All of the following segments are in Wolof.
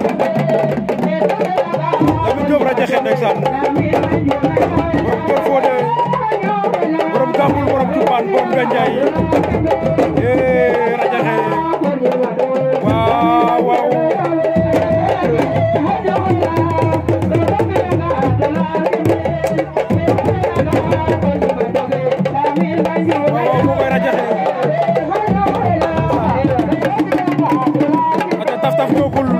Lamine Diop rajaxe ndeysaan borom Kër Fodé borom Gambul borom Tuubaan borom Ganjaay eh, rajaxe waaw waaw Taf taf ñoo gul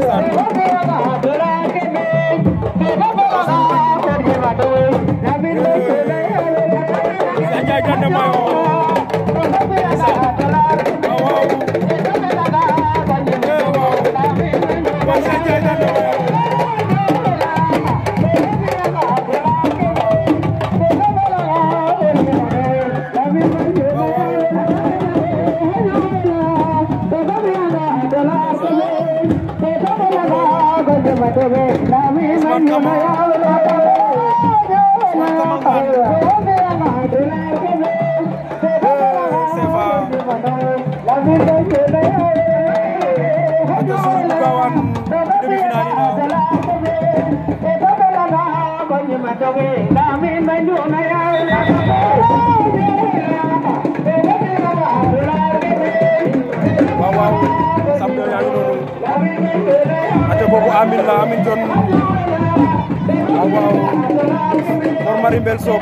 Come on, come on. demi-finale yi waaw waaw Sapeur yaa ngi noonu ate boobu Amine la Amine John waaw waaw Mor Marie Mbel Soop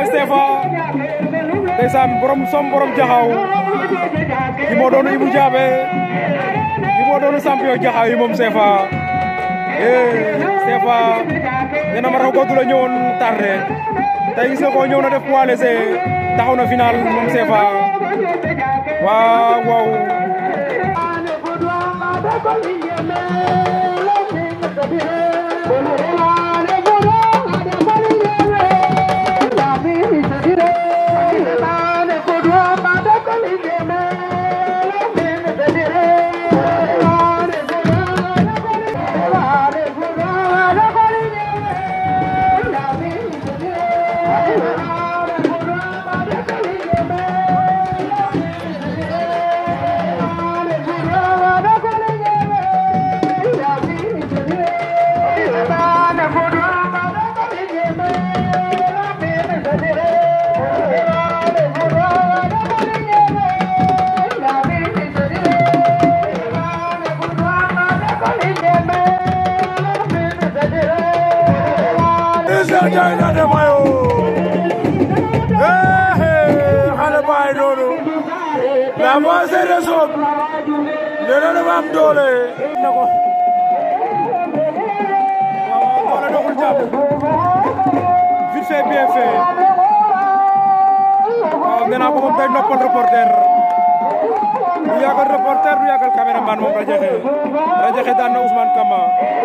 Momo Stefa ndeysaan borom som borom jaxaw yi moo doon Ibou Diabé yi moo doon champion jaxaw yi moom Stefa eh Stefa nee na ma raw googu la ñëwoon tardé tey ko ñëw na def poids léger taxaw na final moom Stefa waaw waaw. Njaay na de mayo eh baay noonu la avancé de soog nee doole na ko wala doxul jàpp vite fait bien fait waaw gannaaw ba noppal reporter du yàggal reporter du yàggal caméraman moom rajaxe rajaxe daan na Ousmane Kama